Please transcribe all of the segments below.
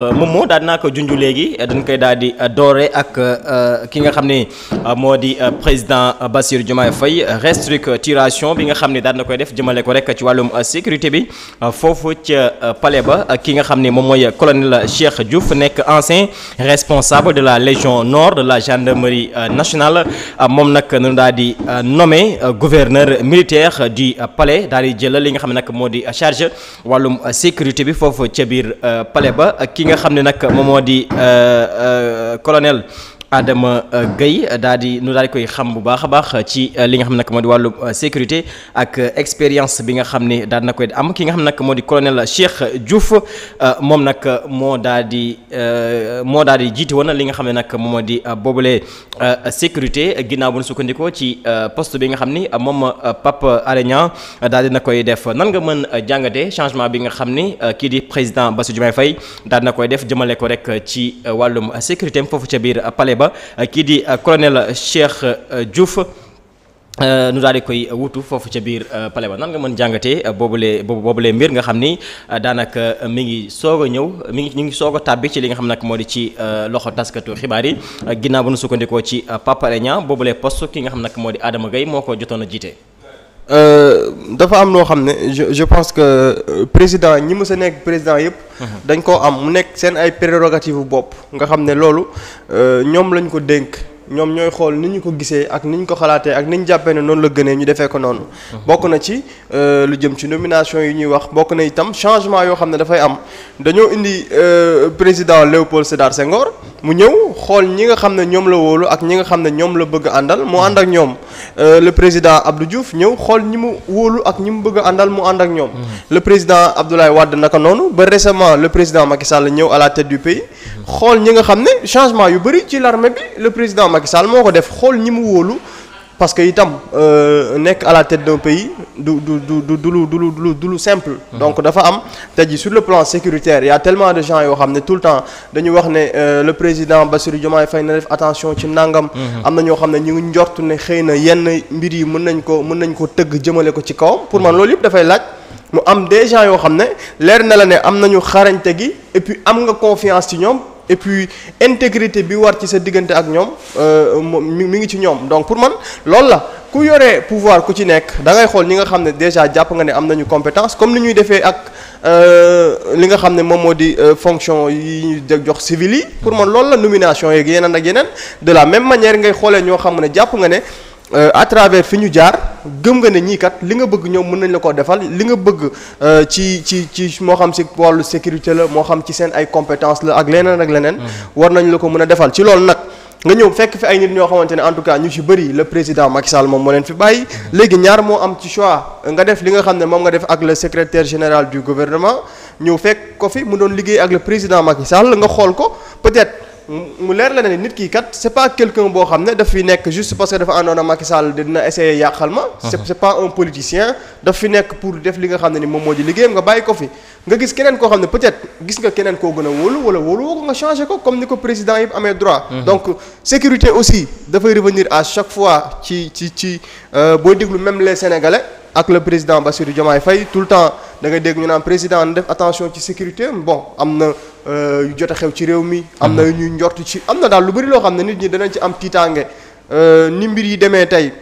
Euh, moom moo daal naa ko junj léegi dañ koy daal di euh, doore ak euh, ki nga xam ni moo di président Bassirou Diomaye Faye restructuration bi nga xam ne daal na koy def jëmale ko rek ci wàllum sécurité bi foofu ca pale ba ki nga xam ne moom mooy colonel Cheikh Diouf nekk ancien responsable de la légion nord de la gendarmerie nationale moom nag nu daal di nommé gouverneur militaire di pale daal di jël li nga xam ne nag moo di charge wàllum sécurité bi foofu ca biir nga xam ne nag moom moo di euh, euh, colonel Adama euh, Gueye euh, daal di nu daal di koy xam bu baax a baax euh, ci li nga xam nag moo di wàllu sécurité ak expérience bi nga xam ne daal na koy am ki nga xam nag moo di colonel Cheikh Diouf moom nag moo daal di moo daal di jiite woon li nga xam ne nag moo di boobule sécurité ginnaaw bu nu sukkandikoo ci poste bi nga xam ni moom Pape Alé Niang daal di na koy def nan nga mën jàngatee changement bi nga xam ni kii di président Bassirou Diomaye fay daal na koy def jëmale ko rek ci wàllum sécurité foofu ca biir palais ba euh, kii di euh, colonel Cheikh euh, Diouf nu daal di koy wutu foofu ca biir palais ba nan nga mën jàngatee boobu boobule mbir nga xam ni daanaka mi ngi soog a ñëw mi ngi ñu ngi soog a tàbbi ci li nga xam nag moo di ci loxo taskatu xibaar yi ginnaaw ba nu sukkandikoo ci Pape Alé Niang boobule poste ki nga xam nag moo di Adama Gueye moo ko jotoon a jiite. Euh, dafa am loo xam ne je je pense que euh, président ñi mës a nekk président yëpp. Mhm. dañ koo am mu nekk seen ay prérogative bopp nga xam ne loolu euh, ñoom lañ ko dénk. ñoom ñooy xool ni ñu ko gisee ak ni ñu ko xalaatee ak ni ñu jàppee ne noonu la gënee ñu defee ko noonu. Mhm. bokk na ci lu jëm ci nomination yi ñuy wax bokk na itam changement yoo xam ne dafay am dañoo indi président Léopold Sédar Senghor mu ñëw xool ñi nga xam ne ñoom la wóolu ak ñi nga xam ne ñoom la bëgg àndal mu ànd ak ñoom. Euh, le président Abdou Diouf ñëw xool ñi mu wóolu ak ñi mu bëgg a àndal mu ànd ak ñoom. Mhm. le président Abdoulaye wadd naka noonu ba récemment le président Macky Sall ñëw à la tête du mhm. xool ñi nga xam ne changement yu bëri ci l'armée bi le président Macky Sall moo ko def xool ñi mu wóolu. parce que itam euh, nekk à la tête d'un pays du du du du lu du lu du lu simple. Mhm. donc dafa am tey jii sur le plan sécuritaire y a de gens yoo xam ne tout le temps dañu wax ne euh, le président Bassirou Diomaye fay na def attention ci nangam. Mhm. am na ñoo xam ne ñu ngi njort ne xëy na yenn mbir yi mën nañ ko mën nañ ko tëgg jëmale ko ci kawam pour man mhm. loolu yëpp dafay laaj. mu am des gens yoo xam ne leer na la ne am nañu xarañte gi et puis am nga confiance ci ñoom. et puis intégrité bi war ci sa diggante ak ñoom euh, mi mi ngi ci ñoom donc pour man loolu la ku yore pouvoir ku ci nekk da ngay xool ñi nga xam ne déjà jàpp nga ne am nañu compétence comme ni ñuy defee ak euh, li nga xam ne moom moo di euh, fonction yi ñu jox civil yi pour man lool la nomination yeeg yeneen ak yeneen de la même manière ngay xoolee ñoo xam ne jàpp nga ne Euh, à travers fi ñu jaar gëm nga ne ñii kat li nga bëgg ñoom mën nañ la ko defal li nga bëgg euh, ci ci ci moo xam ci wàllu sécurité la moo xam ci seen ay compétence la ak leneen ak leneen. Mm-hmm. war nañ la ko mën a defal ci loolu nag. nga ñëw fekk fi ay nit ñoo xamante ne en tout cas ñu ci bëri le président Macky Sall moom moo leen fi bàyyi mm-hmm. léegi ñaar moo am ci choix nga def li nga xam ne moom nga def ak le secretaire général du gouvernement ñëw fekk ko fi mu doon liggéey ak le président Macky Sall nga xool ko peut-être. mu leer la ne nit kii kat c' est pas quelqu'un boo xam ne daf fi nekk juste parce que dafa àndoon ak Macky Sall dina essayer yàqal ma. c' est pas un politicien. daf fi nekk pour def li nga xam ne ni moom moo di liggéeyam nga bàyyi ko fi nga gis keneen koo xam ne peut-être gis nga keneen koo gën a wóolu wala wóolu woo ko nga changé ko comme ni ko président yi amee droit. donc sécurité aussi dafay revenir à chaque fois ci ci ci euh, booy déglu même les sénégalais. ak le président Bassirou Diomaye Faye tout le temps da ngay dégg ñu naan président ci sécurité bon am na. Euh, yu jot a xew ci réew mi. am na yu mhm. ñuy njort ci am na daal lu bëri loo xam ne nit ñi danañ ci am tiitaange euh, ni mbir yi demee tey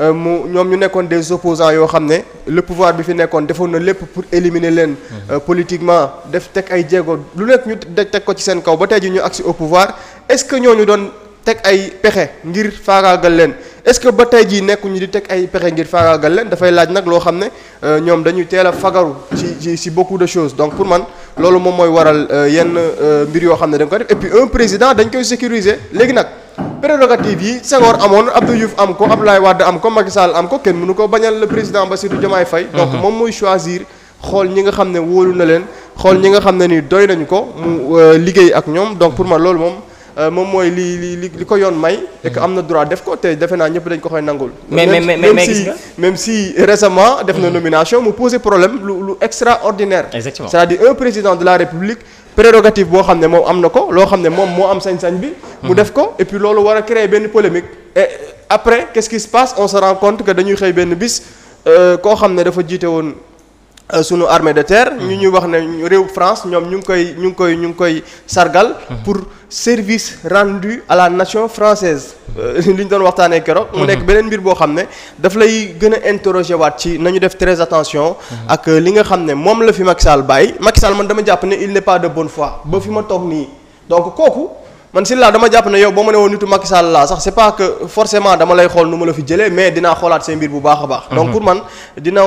euh, mu ñoom ñu nekkoon des opposants yoo xam ne le pouvoir bi fi nekkoon defoon na lépp pour éliminer leen. Mhm. politiquement def teg ay jéego lu nekk ñu teg ko ci seen kaw ba tey ji ñu agsi au pouvoir est-ce que ñoo ñu doon teg ay pexe ngir faagaagal leen. est-ce que ba tey jii nekkuñu di teg ay pexe ngir faagaagal leen dafay laaj nag loo xam ne euh, ñoom dañuy teel a fagaru ci ci ci de choses donc pour man loolu moom waral euh, yenn euh, mbir yoo xam ne dañ ko def président dañ koy sécuriser léegi nag prérogative yi Senghor amoon Abdou Diouf am ko Abdoulaye Wade am ko Macky am ko kenn mënu ko bañal le président Bassirou Diomaye Faye mm-hmm. donc moom mooy choisir xool ñi nga xam ne wóolu na leen xool ñi nga xam ne ni doy nañu ko mu liggéey ak ñoom donc pour man loolu moom Euh, moom mooy li li li ko yoon may. et am na droit def ko te defe naa ñëpp dañ ko koy nangul. mais même, mais mais mais si même si récemment. def na nomination mu posé problème lu lu extraordinaire. exactement c'est-à-dire un président de la république. prérogative boo xam ne moom am na ko loo xam ne moom moo am sañ-sañ bi. mu mhm. def ko et loolu war a créer benn polémique. et après qu'est-ce passe on se rend compte que dañuy xëy benn bis euh, koo xam ne dafa jiite woon. Euh, sunu armée de terre ñu ñu wax ne réew France ñoom ñu ngi koy ñu ngi koy ñu ngi koy sargal mhm. pour service rendu à la nation française euh, li ñu doon waxtaanee keroog mu mhm. nekk beneen mbir boo xam ne daf lay gën a interroger waat ci nañu def très attention mhm. ak euh, li nga xam ne moom la fi Macky Sall bàyyi Macky Sall man dama jàpp ne il n'est pas de bonne foi ba fi ma toog nii donc kooku man si laa dama jàpp ne yow boo ma ne woon nitu Macky Sall laa sax c'est pas que forcément dama lay xool nu la fi jëlee mais dinaa xoolaat seen mbir bu baax baax donc pour man dina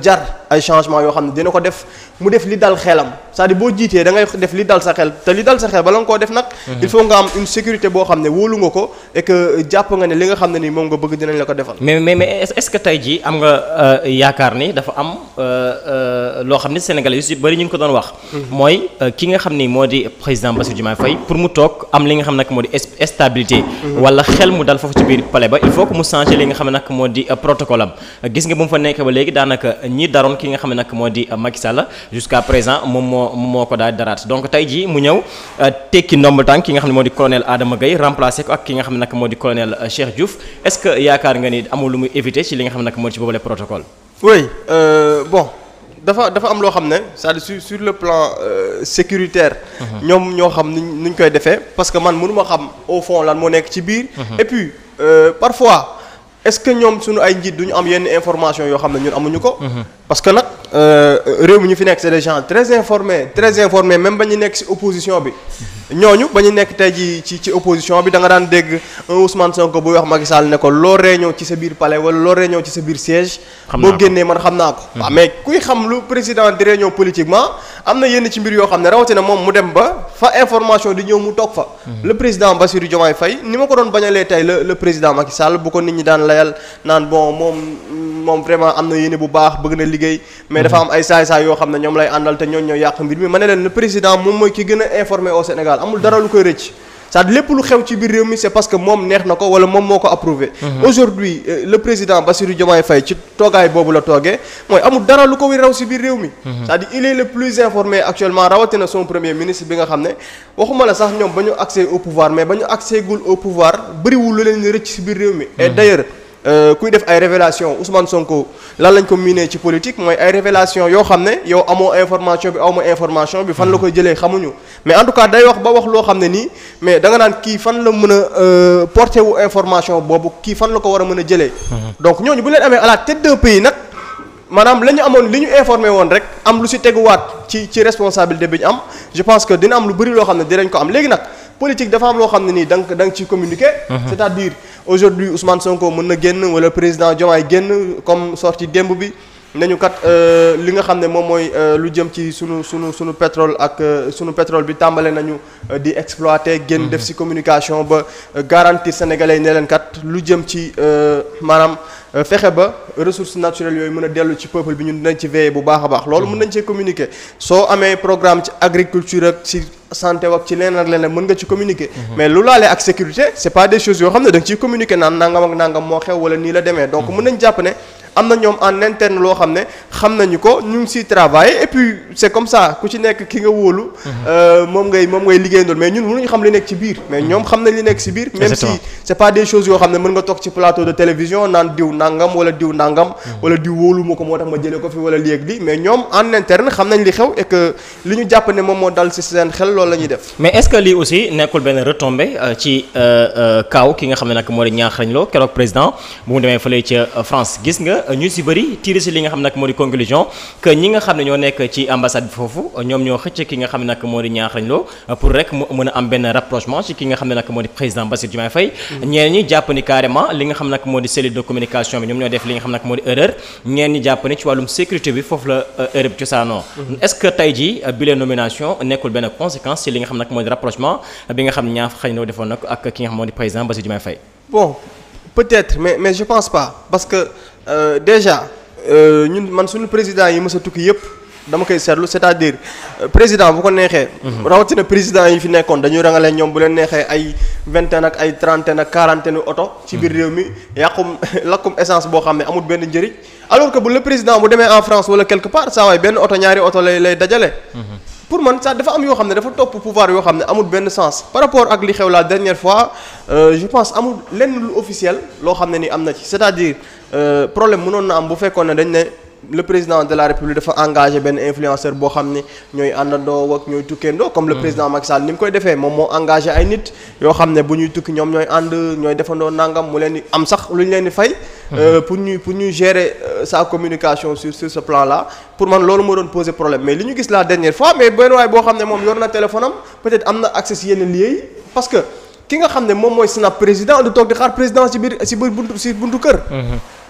jar ay changement yoo xam ne dina ko def mu def li dal xelam cest à boo jiitee da def li dal sa xel te li dal sa xel bala nga koo def nag mhm. il faut am une sécurité boo xam ne wóolu nga ko que jàpp nga ne li nga xam ne ni moom nga bëgg dinañ la ko defal mais mais mais est-ce que tey jii am nga euh, yaakaar ni dafa am euh, euh, loo xam ne Sénégalais yu si ñu ngi ko doon wax mhm. mooy ki nga xam ni moo di président Bassirou Diomaye Faye pour mu toog am li nga xam nag moo di stabilité mhm. wala xel mu dal foofu ci biir palais ba il faut que mu changer li nga xam ne nag moo di protocole am gis nga bu mu fa nekk ba léegi daanaka ñi daroon ki nga xam ne nag moo di euh, Macky Sall jusqu'à présent moom moo moo ko daal daraat donc tey jii mu ñëw euh, tekki ndomb tànk ki nga xam ne moo di colonel Adama Gueye remplacé ko ak ki nga xam ne nag moo di colonel euh, Cheikh Diouf est que yaakaar nga ni amul lu muy éviter ci li nga xam ne nag moo di ci boobale protocole. oui bon. dafa dafa am loo xam ne cest à su sur le plan euh, sécuritaire. Mhm. ñoom ñoo xam ni ñu koy defee parce que man mënu ma xam au fond lan moo nekk ci biir. Mhm. et puis euh, parfois est-ce que ñoom suñu ay njiit du ñu am yenn information yoo xam ne ñun amuñu ko. Mhm. parce que nag euh, réew mi ñu fi nekk c'est des gens très informés très informés même ba ñu nekk ci opposition bi ñooñu ba ñu nekk tey ji ci ci opposition bi da nga daan dégg un Ousmane Sonko buy wax Macky ne ko loo réunion ci sa biir palais wala loo réunion ci sa biir siège. boo génnee man xam naa ko. waaw hmm. ah, mais kuy xam lu président di réunion politiquement am na yenn ci mbir yoo xam ne rawatina moom mu dem ba fa information di ñëw mu toog fa. Hmm. le président Bassirou Diomaye Faye ni ma ko doon bañalee tey la le président Macky Sall bu ko nit ñi daan layal naan bon moom moom vraiment am na yéene baax bëgg na liggéey mais dafa am ay saay-saay yoo xam ne ñoom lay àndal te ñoom ñoo yàq mbir mi ma ne leen le président moom mooy ki gën a informé au Sénégal amul dara lu koy rëcc cest à lépp lu xew ci biir réew mi c'est parce que moom neex na ko wala moom moo ko approuvé mhm. aujourd'hui euh, le président Bassirou Diomaye Faye ci toogaay boobu la toogee mooy amul dara lu ko raw si biir réew mi mhm. cest à il est le plus informé actuellement rawatina son premier ministre bi Euh, kuy def ay révélation Ousmane Sonko lan lañ ko miinee ci politique mooy ay révélation yoo xam ne yow amoo information bi aw ma information bi fan la mhm. koy jëlee xamuñu mais en tout cas day wax ba wax loo xam ne nii mais da naan kii fan la mën a euh, porté wu information boobu kii fan la ko war a mën a jëlee mhm. donc ñooñu bu leen amee à te tête d'un pays nag maanaam la amoon li ñu informé woon rek am lu si teguwaat ci ci responsabilité bi ñu am je pense que dina am lu bëri loo xam ne dinañ ko am léegi nag politique dafa am loo xam ne nii da nga da nga ciy communiquer uh-huh. c'est-à-dire aujourd'hui Ousmane Sonko mën na génn wala président Diomaye génn comme sorti démb bi nañu kat euh, li nga xam ne moom mooy euh, lu jëm ci sunu sunu sunu pétrole ak euh, sunu pétrole bi tàmbale nañu di exploiter génn def uh-huh. ci communication ba garantir sénégalais ne leen lu jëm ci maanaam Euh, fexe ba ressources naturelles yooyu mën a dellu ci peuple bi ñu dinañ ci veiller bu baax a baax loolu mën nañ cee communiquer soo amee programme ci agriculture ak ci santé ak ci leneen leneen mën nga ci communiquer mhm. mais lu laalee ak sécurité c'est pas des choses yoo xam ne da nga ciy naan nangam ak nangam moo xew wala nii la demee donc mun mhm. nañ jàpp ne am na ñoom en interne loo xam ne xam nañu ko ñu si siy travailler et puis c'est comme ça ku ci nekk ki nga wóolu. Mhm. Euh, moom ngay moom ngay liggéeyandoon mais ñun mënuñu xam li nekk ci biir. mais ñoom xam nañ li nekk ci biir. si c'est pas des choses yoo xam ne mën nga toog ci plateau de télévision naan diw nangam wala diw nangam. Mhm. wala ko moo tax ma jëlee ko fi wala léeg li mais ñoom en interne xam nañ li xew et li ñu jàpp ne moom moo dal ci seen xel loolu la ñuy def. mais est que lii aussi nekkul benn retombée euh, ci euh, kaw ki nga xam ne nag moo di ñaaxarañ loo keroog président bu mu demee fële ca France gis nga na euh, ñu si bëri tiir si li nga xam nag moo di conclusion que ñi nga xam ne ñoo nekk ci ambassade bi foofu euh, ñoom ñoo xëcc ki nga xam ne nag moo di ñaaxañ loo euh, pour rek mu mën a am benn rapprochement si ki nga xam ne nag moo di président Bassirou Diomaye Faye mm. ñeen ñi jàpp ni carrément li nga xam nag moo di cellule de communication bi ñoom ñoo def li nga xam nag moo di erreur ñeen ñi jàpp ni ci wàllum sécurité bi foofu la erreur bi cosaanoo mm-hmm. est-ce que tey jii bi leen nomination nekkul benn conséquence ci li nga xam nag moo di rapprochement bi nga xam ne ñaaxañ loo defoon nag ak ki nga xam moo di président Bassirou Diomaye Faye bon peut-être mais mais je pense pas parce que Euh, déjà euh, ñun man suñu président yi mës a tukki yëpp dama koy seetlu c'est-à-dire euh, président bu ko neexee. Mhm. rawatina président yi fi nekkoon dañuy rangalee ñoom bu leen neexee ay vingtaine ak ay trentaine ak quarantaine oto. ci biir mhm. réew mi yàqum lakkum essence boo xam ne amul benn njëriñ alors que bu le président bu demee en France wala quelque part saa waay benn oto ñaari oto lay lay dajale. Mhm. pour man sax dafa am yoo xam ne dafa topp pouvoir yoo xam ne amul benn sens par rapport ak li xew la dernière je pense amul lenn lu loo xam ne ni am na ci c'est-à-dire. Euh, problème mënoon na am bu fekkoon ne dañ ne le président de la république dafa engagé benn influenceur boo xam ne ñooy àndandoo ak ñooy tukkeendoo comme le mm. président Macky Sall ni mu koy defee moom moo engagé ay nit yoo xam ne bu ñuy tukki ñoom ñooy ànd ñooy defandoo nangam mu leen di am sax lu ñu leen di fay mm. euh, pour ñuy pour ñuy gérer euh, sa communication sur sur ce plan là pour man loolu moo doon poser problème mais li ñu gis la dernière fois mais benn waay boo moom yor na téléphone am peut-être am na accès si nga xam ne moom mooy snap président du toog di xaar président si biir si biir buntu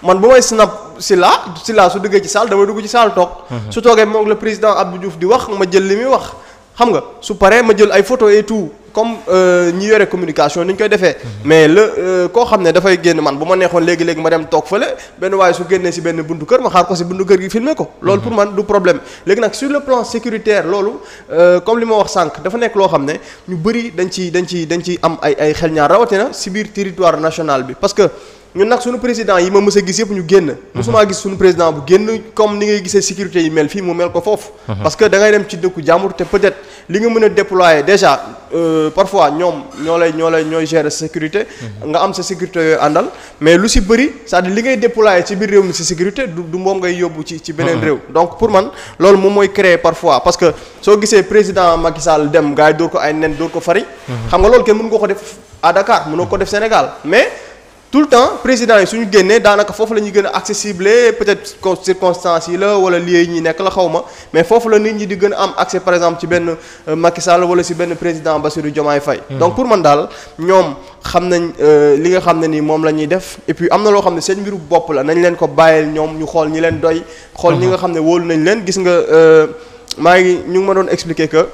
man bu may snap Silla Silla su duggee ci saal damay dugg ci saal toog. Mhm. su toogee moom le président Abdou Diouf di wax ma jël li muy wax xam nga su paree ma jël ay photo et tout comme euh, ñi yore communication ni ñu koy defee. Mhm. mais le euh, koo xam ne dafay génn man bu ma neexoon léegi léegi ma dem toog fële benn waaye su génnee si benn buntu kër ma xaar ko si buntu kër gi filmer ko. loolu mhm. pour man du problème léegi nag sur le plan sécuritaire loolu euh, comme li ma wax sànq dafa nekk loo xam ne ñu bëri dañ ci dañ ci dañ ci am ay ay xel rawatina si biir territoire national bi parce que. ñun nag suñu président yi ma mës a gis yëpp ñu génn mosumaa gis suñu président bu génn comme ni ngay gise sécurité yi mel fii mu mel ko foofu mhm. parce que da dem ci dëkku jàmbur te peut-être li nga mën a déployer déjà euh, parfois ñoom ñoo lay ñoo lay ñooy gérer sécurité mhm. nga am sa sécurité yooyu àndal mais lu si bëri cest à li ngay déployer ci biir réew mi si sécurité du du moom ngay yóbbu ci ci beneen mhm. réew donc pour man loolu moom mooy créer parfois parce que soo gisee président Macky Sall dem gars yi ko ay nen dóor ko fari xam nga loolu kenn mënu ko ko def à Dakar ko def Sénégal mais tout le temps président yi suñu génnee daanaka foofu la ñuy gën a accessible peut-être circonstances yi la wala lieu yi ñuy nekk la xaw mais foofu la nit ñi di gën am accès par exemple ci benn euh, Macky Sall wala si benn président Bassirou Diomaye fay hmm. donc pour man daal ñoom xam nañ euh, li nga xam ne nii moom la ñuy def et puis am na loo xam ne seen mbiru bopp la nañ leen ko bàyyil ñoom ñu xool ñi leen doy xool ñi nga hmm. xam ne wóolu nañ leen gis nga euh, maa ngi ñu ngi ma doon expliquer que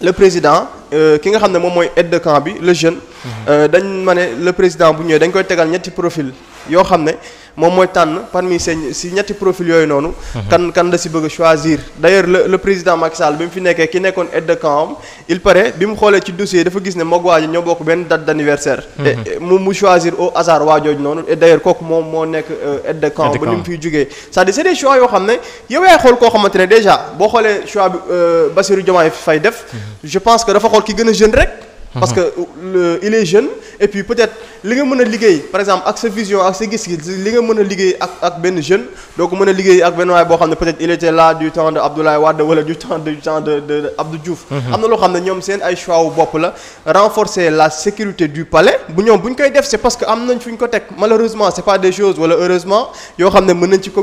le président Euh, ki nga xam ne moom mooy aide de camp bi le jeune. Mhm. Euh, dañ mane ne le président bu ñëwee dañ koy tegal ñetti profil yoo xam ne moom mooy tànn par parmi seen si ñetti profil yooyu noonu. Mhm. kan kan da si bëgg choisir. d' ailleurs le président Macky Sall bi mu fi nekkee ki nekkoon aide de camp am il paraît bi mu xoolee ci dossier dafa gis ne moog waa ji ñoo bokk benn date d' anniversaire. Mhm. mu mu choisir au hasard waa jooju noonu et d' kooku moom moo nekk euh, aide de camp. ba ni mu fiy jógee c' est à dire choix yoo xam ne yow yaay xool koo xamante ne déjà boo xoolee choix bi euh, Bassirou Diomaye Faye def. Mhm. je pense que dafa xool ki gën a jeune rek. parce que le, il est jeune et puis peut-être li nga mën a liggéey par exemple ak sa vision ak sa gis-gis li nga mën a liggéey ak ak benn jeune doo ko mën a liggéey ak benn waay boo xam ne peut-être il était là du temps de Abdoulaye Wade wala du temps de du temps de de mhm. am na loo xam ne ñoom seen ay choix wu bopp la renforcer la sécurité du palais bu ñoom bu ñu koy def c'est parce am nañ fu ñu ko teg malheureusement c'est pas des choses wala heureusement yoo xam ne mën nañ ci a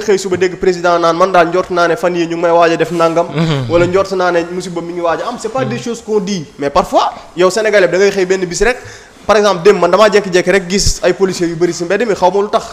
xëy suba dégg président naan man naa a def nangam. Mhm. wala naa ne parfois yow sénégalais da ngay xëy benn bis rek par exemple démb man damaa jekki jékki rek gis ay policiers yu bëri si mbedd mi xaw ma lu tax.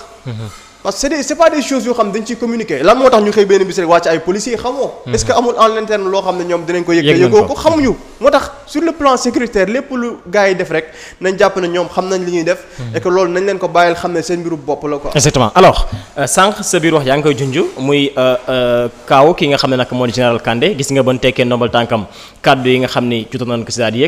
parce que c'est pas des choses yoo xam dañ ciy communiquer lan moo tax ñu xëy benn bis rek wàcc ay policiers xamoo hmm. est amul en interne loo xam ne ñoom dinañ ko yëg yëgoo ko xamuñu moo tax sur le plan sécuritaire lépp lu gars yi def rek nañ jàpp ne ñoom xam nañ li ñuy def hmm. et loolu nañ leen ko bàyyil xam ne seen mbiru bopp la quoi exactement alors euh, sànq sa biir wax yaa ngi koy junj muy euh, euh, kaaw ki nga xam ne nag moo di général Kandé gis nga ban tekkee ndombal tànkam kaddu yi nga xam ne jotoon nañ ko